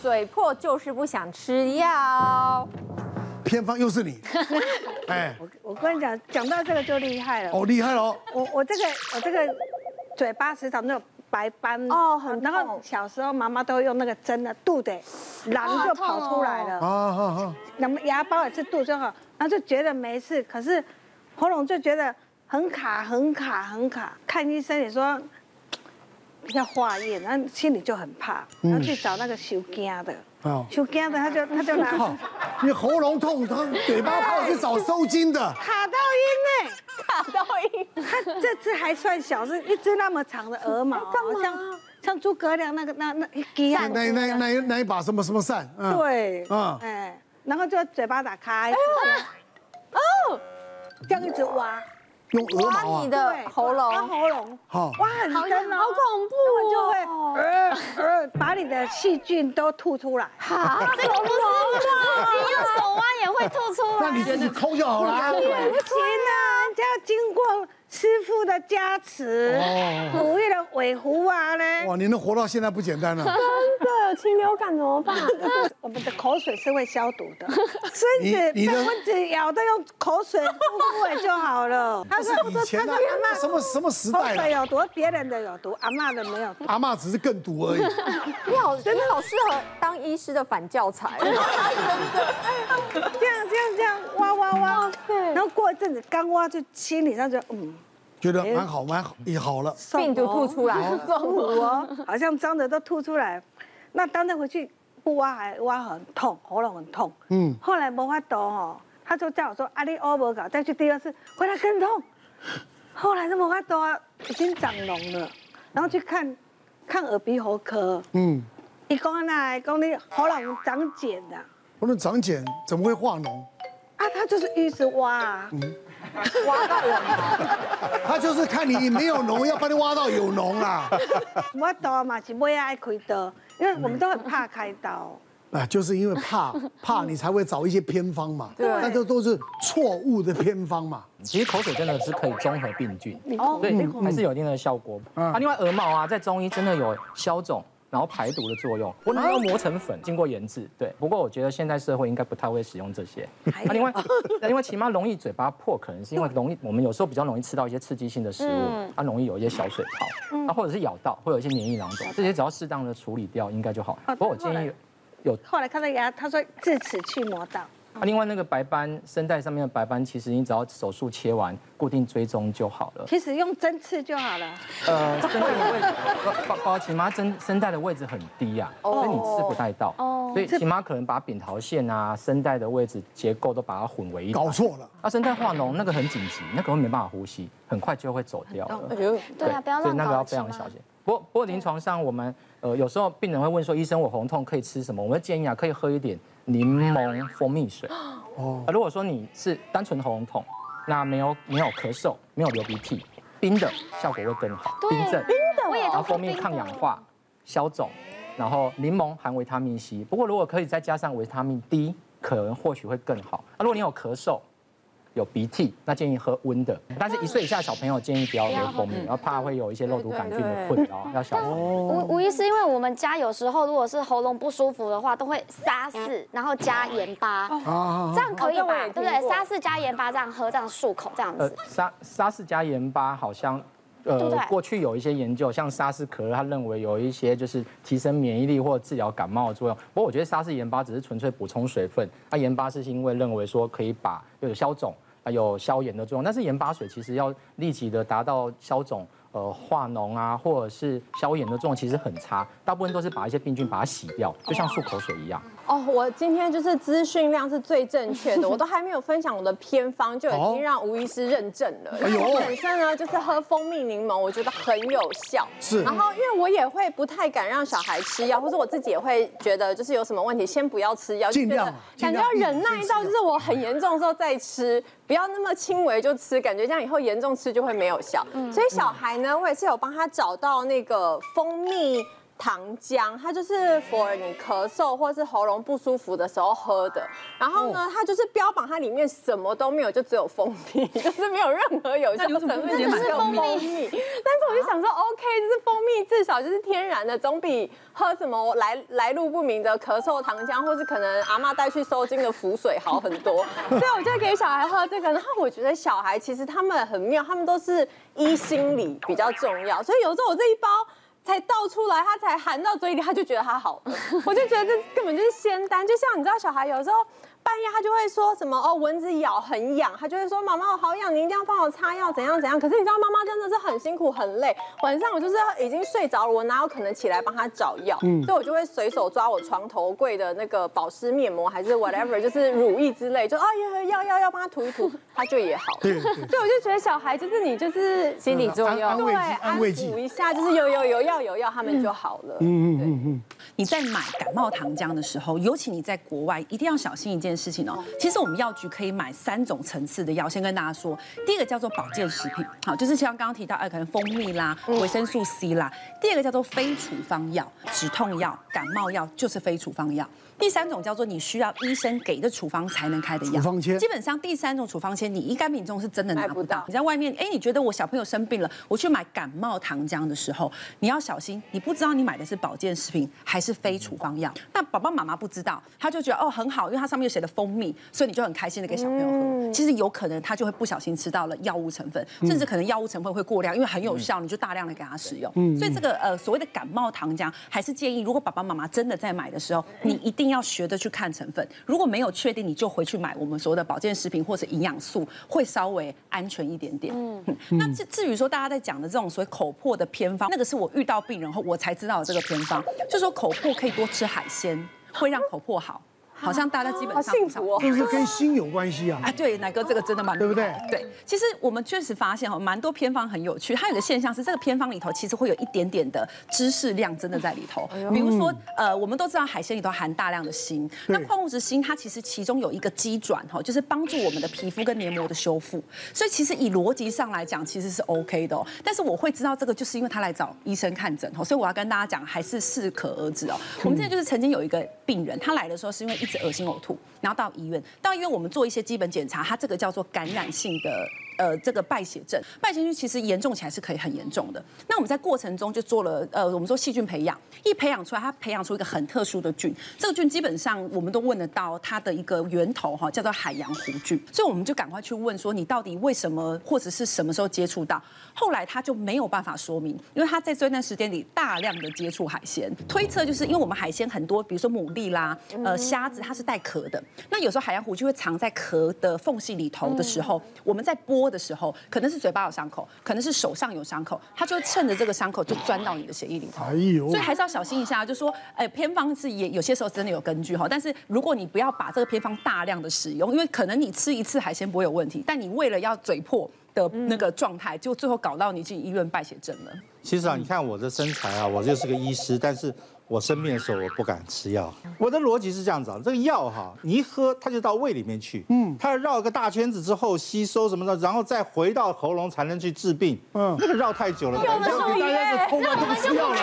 嘴破就是不想吃藥，偏方又是你。 哎，我我跟你講，講到這個就厲害了。哦，厲害哦，我我這個我這個嘴巴時常都有白斑，哦，很然後小時候媽媽都用那個針的肚的，膿，哦哦、就跑出來了。啊啊啊！那麼牙包也是肚就好，然後就覺得沒事，可是喉嚨就覺得很卡很卡很卡，看醫生也說。要化驗，那心裡就很怕。然後去找那個收驚的，啊、嗯。收驚的，他就他就拿。哦、你喉嚨痛，他嘴巴痛，是找收驚的。卡到音嘞！卡到音。他這隻還算小，是一隻那麼長的鵝毛，哎嘛啊、像像諸葛亮那個那那雞扇。那那那那一，那，一那一把什麼什麼扇？嗯、對。啊、嗯。哎。然後就嘴巴打開。哎、哦。這樣一直挖。用、啊、你的喉嚨，喉嚨，好，哇、oh. 啊，好疼，好恐怖、哦，就會，呃呃，把你的細菌都吐出來，好 不怖 你用手挖也會吐出來 的，那你自己摳就好了，不行啊，呢 要經過。師傅的加持，母月的尾狐娃、啊、呢、哦？哇，你能活到現在不簡單了、啊。真的禽流感怎麼辦？ 我們的口水是會消毒的，孫子被蚊子咬的用口水敷敷就好了。他他以前媽、啊、什麼什麼時代、啊？對，有毒，別人的有毒，阿媽的沒有毒。阿媽只是更毒而已。 你好，真的好適合當醫師的反教材。這樣這樣這樣。這樣這樣挖，對，然後過一陣子剛挖就心理上就嗯，覺得蠻好蠻好也好了，我病就吐出來了，哦，好像髒的都吐出來。 那當天回去不挖還挖很痛，喉嚨很痛，嗯。後來沒辦法哦，他就叫我說阿里 o v 搞，再去第二次回來更痛。後來是沒辦法，已經長膿了，然後去看，看耳鼻喉科，嗯。樣，你講哪來講你喉嚨長繭的、啊？我說長繭怎麼會化膿？啊，他就是一直挖，啊，嗯、挖到有膿。 他就是看你沒有膿，要幫你挖到有膿啦，啊。我刀嘛是不要開刀，因為我們都很怕開刀。啊，就是因為怕怕你才會找一些偏方嘛，那都對都是錯誤的偏方嘛。其實口水真的是可以綜合病菌，對，還是有一定的效果。嗯、啊，另外鵝毛啊，在中醫真的有消腫，然後排毒的作用，我拿它磨成粉，經過研製。對，不過我覺得現在社會應該不太會使用這些。那另外，因為萁媽容易嘴巴破，可能是因為容易，我們有時候比較容易吃到一些刺激性的食物，它容易有一些小水泡，啊，或者是咬到，會有一些黏液囊腫，這些只要適當的處理掉，應該就好。不過我建議有，後來看到牙，他說智齒去磨到。啊，另外那個白斑，聲帶上面的白斑，其實你只要手術切完，固定追蹤就好了。其實用針刺就好了。呃，聲帶的位置，寶寶，萁媽聲聲帶的位置很低啊，所以你刺不太到。哦。所以萁媽可能把扁桃腺啊、聲帶的位置結構都把它混為一。搞錯了。啊，聲帶化膿那個很緊急，那可能沒辦法呼吸，很快就會走掉了。對啊，不要，所以那個要非常小心。不過，不過臨床上我們，呃，有時候病人會問說，醫生我喉嚨痛可以吃什麼？我們會建議啊，可以喝一點檸檬蜂蜜水。哦、啊，如果說你是單純喉嚨痛，那沒有沒有咳嗽，沒有流鼻涕，冰的效果會更好。對冰鎮冰的我、哦、也然後蜂蜜抗氧化對消腫，然後檸檬含維他命 C。不過如果可以再加上維他命 D，可能或許會更好。啊，如果你有咳嗽。有鼻涕，那建議喝溫的。但是一歲以下小朋友建議不要喝蜂蜜，嗯、然後怕會有一些肉毒桿菌的困擾，要小心。吳、吳醫師，因為我們家有時候如果是喉嚨不舒服的話，都會沙士，然後加鹽巴，哦、這樣可以吧？對不、哦哦哦哦、對？沙士加鹽巴這樣喝，這樣漱口，這樣子。沙沙士加鹽巴好像。呃，對對過去有一些研究，像沙士殼，他認為有一些就是提升免疫力或治療感冒的作用。不過，我覺得沙士鹽巴只是純粹補充水分。那、啊、鹽巴是因為認為說可以把有消腫還有消炎的作用，但是鹽巴水其實要立即的達到消腫。呃，化膿啊，或者是消炎的作用其實很差，大部分都是把一些病菌把它洗掉，就像漱口水一樣。哦，我今天就是資訊量是最正確的， 我都還沒有分享我的偏方就已經讓吳醫師認證了。因為本身呢，就是喝蜂蜜檸檬，我覺得很有效。是。然後，因為我也會不太敢讓小孩吃藥，或者我自己也會覺得就是有什麼問題，先不要吃藥，盡量就覺感覺要忍耐一到就是我很嚴重的時候再吃，不要那麼輕微就吃，感覺這樣以後嚴重吃就會沒有效。嗯。所以小孩呢。嗯我也是有幫他找到那個蜂蜜糖漿，它就是 for 你咳嗽或是喉嚨不舒服的時候喝的。然後呢，它就是標榜它裡面什麼都沒有，就只有蜂蜜，就是沒有任何有效成分，就是蜂蜜。 我說 OK，就是蜂蜜，至少就是天然的，總比喝什麼來來路不明的咳嗽糖漿，或是可能阿媽帶去收驚的符水好很多。 所以我就給小孩喝這個。然後我覺得小孩其實他們很妙，他們都是一心理比較重要。所以有時候我這一包才倒出來，他才含到嘴裡，他就覺得他好。 我就覺得這根本就是仙丹，就像你知道，小孩有時候。半夜他就會說什麼哦，蚊子咬很癢，他就會說媽媽，我好癢，你一定要幫我擦藥怎樣怎樣。可是你知道媽媽真的是很辛苦很累，晚上我就是已經睡着了，我哪有可能起來幫他找藥？嗯，所以我就會隨手抓我床頭櫃的那個保濕面膜，還是 whatever，就是乳液之類，就哎、啊、呀要要要幫他塗一塗，嗯、他就也好了。對，對，對，我就覺得小孩就是你就是心理作用，對，安撫慰慰一下就是有有有藥有藥他們就好了。嗯嗯嗯嗯。你在買感冒糖漿的時候，尤其你在國外一定要小心一件。件事情哦，其實我們藥局可以買三種層次的藥，先跟大家說，第一個叫做保健食品，好，就是像剛剛提到，哎，可能蜂蜜啦、維生素 C 啦；第二個叫做非處方藥，止痛藥、感冒藥就是非處方藥；第三種叫做你需要醫生給的處方才能開的藥，基本上第三種處方簽，你一般民眾是真的拿不到。你在外面，哎，你覺得我小朋友生病了，我去買感冒糖漿的時候，你要小心，你不知道你買的是保健食品還是非處方藥。那爸爸媽媽不知道，她就覺得哦很好，因為它上面有寫。的蜂蜜，所以你就很開心的給小朋友喝。嗯、其實有可能他就會不小心吃到了藥物成分，嗯、甚至可能藥物成分會過量，因為很有效，嗯、你就大量的給他使用。嗯、所以這個呃所謂的感冒糖漿，還是建議如果爸爸媽媽真的在買的時候，你一定要學着去看成分。嗯、如果沒有確定，你就回去買我們所謂的保健食品或者營養素，會稍微安全一點點。嗯，嗯那至至於說大家在講的這種所謂口破的偏方，那個是我遇到病人後我才知道的這個偏方，就是、說口破可以多吃海鮮，啊、會讓口破好。好像大家基本上都、啊、是跟鋅有關係啊！哎，對，乃哥這個真的蠻，對不對？對，其實我們確實發現哈，蠻多偏方很有趣。它有個現象是，這個偏方裡頭其實會有一點點的知識量，真的在裡頭。哎、呦比如說，嗯、呃，我們都知道海鮮裡頭含大量的鋅，對那礦物質鋅它其實其中有一個機轉哈，就是幫助我們的皮膚跟黏膜的修復。所以其實以邏輯上來講，其實是 OK 的。但是我會知道這個，就是因為他來找醫生看診，所以我要跟大家講，還是適可而止哦。我們現在就是曾經有一個病人，他來的時候是因為一。是噁心嘔吐，然後到醫院，到醫院我們做一些基本檢查，它這個叫做感染性的。呃，這個敗血症，敗血症其實嚴重起來是可以很嚴重的。那我們在過程中就做了，呃，我們說細菌培養，一培養出來，它培養出一個很特殊的菌，這個菌基本上我們都問得到它的一個源頭哈，叫做海洋弧菌。所以我們就趕快去問說，你到底為什麼或者是什麼時候接觸到？後來他就沒有辦法說明，因為他在這段時間裡大量的接觸海鮮，推測就是因為我們海鮮很多，比如說牡蠣啦，呃，蝦子它是帶殼的，那有時候海洋弧菌會藏在殼的縫隙裡頭的時候，嗯、我們在剝的時候，可能是嘴巴有傷口，可能是手上有傷口，他就會趁着這個傷口就鑽到你的血液裡頭，哎、呦所以還是要小心一下。就說，哎、欸，偏方是也有些時候真的有根據哈，但是如果你不要把這個偏方大量的使用，因為可能你吃一次海鮮不會有問題，但你為了要嘴破的那個狀態，就最後搞到你去醫院敗血症了。其實啊，你看我的身材啊，我就是個醫師，但是。我生病的時候，我不敢吃藥。我的邏輯是這樣子啊，這個藥哈、啊，你一喝它就到胃裡面去，嗯，它要繞一個大圈子之後吸收什麼的，然後再回到喉嚨才能去治病。嗯，這個繞太久了，感覺給大家是偷了都偷不吃藥了。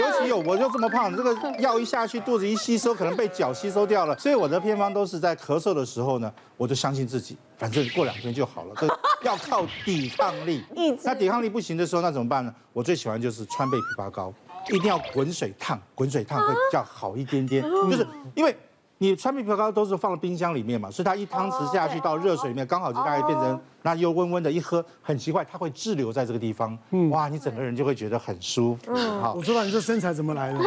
尤其有我就這麼胖，這個藥一下去肚子一吸收，可能被腳吸收掉了。所以我的偏方都是在咳嗽的時候呢，我就相信自己，反正過兩天就好了。要靠抵抗力。那抵抗力不行的時候，那怎麼辦呢？我最喜歡就是川貝枇杷膏。一定要滾水燙，滾水燙會比較好一點點，啊、就是因為。你川貝枇杷膏都是放冰箱裡面嘛，所以它一湯匙下去到熱水裡面，剛好就大概變成那又溫溫的，一喝很奇怪，它會滯留在這個地方，哇，你整個人就會覺得很舒服。好，我知道你這身材怎麼來的。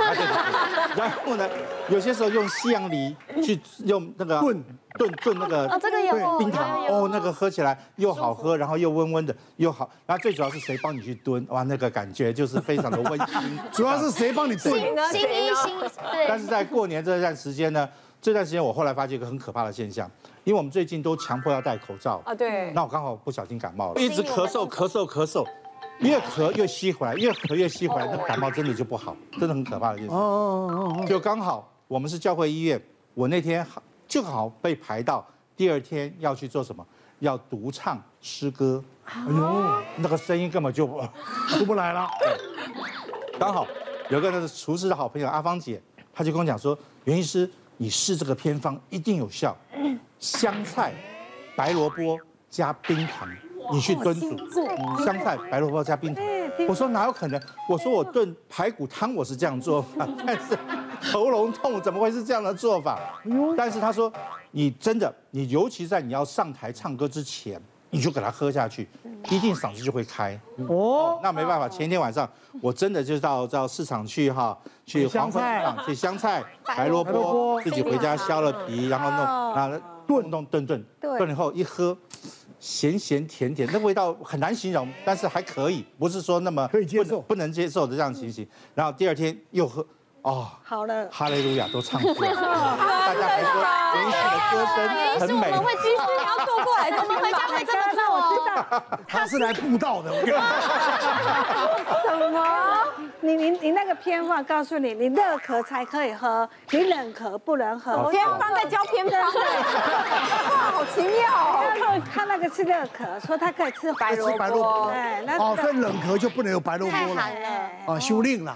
然後呢，有些時候用西洋梨去用那個燉燉燉那個冰糖哦，那個喝起來又好喝，然後又溫溫的又好，然後最主要是誰幫你去燉，哇，那個感覺就是非常的溫馨。主要是誰幫你燉？新一新。但是在過年這段時間呢？這段時間，我後來發現一個很可怕的現象，因為我們最近都強迫要戴口罩啊，對。那我剛好不小心感冒了，一直咳嗽咳嗽咳嗽，越咳越吸回來，越咳越吸回來，那感冒真的就不好，真的很可怕的現象。哦哦哦。就剛好我們是教會醫院，我那天正好被排到第二天要去做什麼，要獨唱詩歌。哎呦，那個聲音根本就出不來了。剛好有個那個廚師的好朋友阿芳姐，她就跟我講說，袁醫師。你試這個偏方一定有效，香菜、白蘿蔔加冰糖，哇你去燉煮。做嗯、香菜、對白蘿蔔加冰糖。我說哪有可能？對我說我燉排骨湯我是這樣做法，但是喉嚨痛怎麼會是這樣的做法？但是他說你真的，你尤其在你要上台唱歌之前，你就給它喝下去，一定嗓子就會開哦。那沒辦法，前一天晚上我真的就到到市場去哈，去黃昏市場、去香菜、白蘿蔔，自己回家削了皮，然後弄啊燉，弄燉燉，燉了後一喝，鹹鹹甜甜，那味道很難形容，但是還可以，不是說那麼可以接受、不能接受的這樣情形。然後第二天又喝，哦。好了，哈雷路亞都唱歌。原因是我們會及時，你要坐過來，我們回家配這個藥。我知道，他是來佈道的。為什麼？你你你那個偏方，告訴你，你熱咳才可以喝，你冷咳不能喝。我今天放在教偏方。哇，好奇妙！他那個吃熱咳，說他可以吃白蘿蔔。對，那所以冷咳就不能有白蘿蔔了。太寒了。啊，修令了。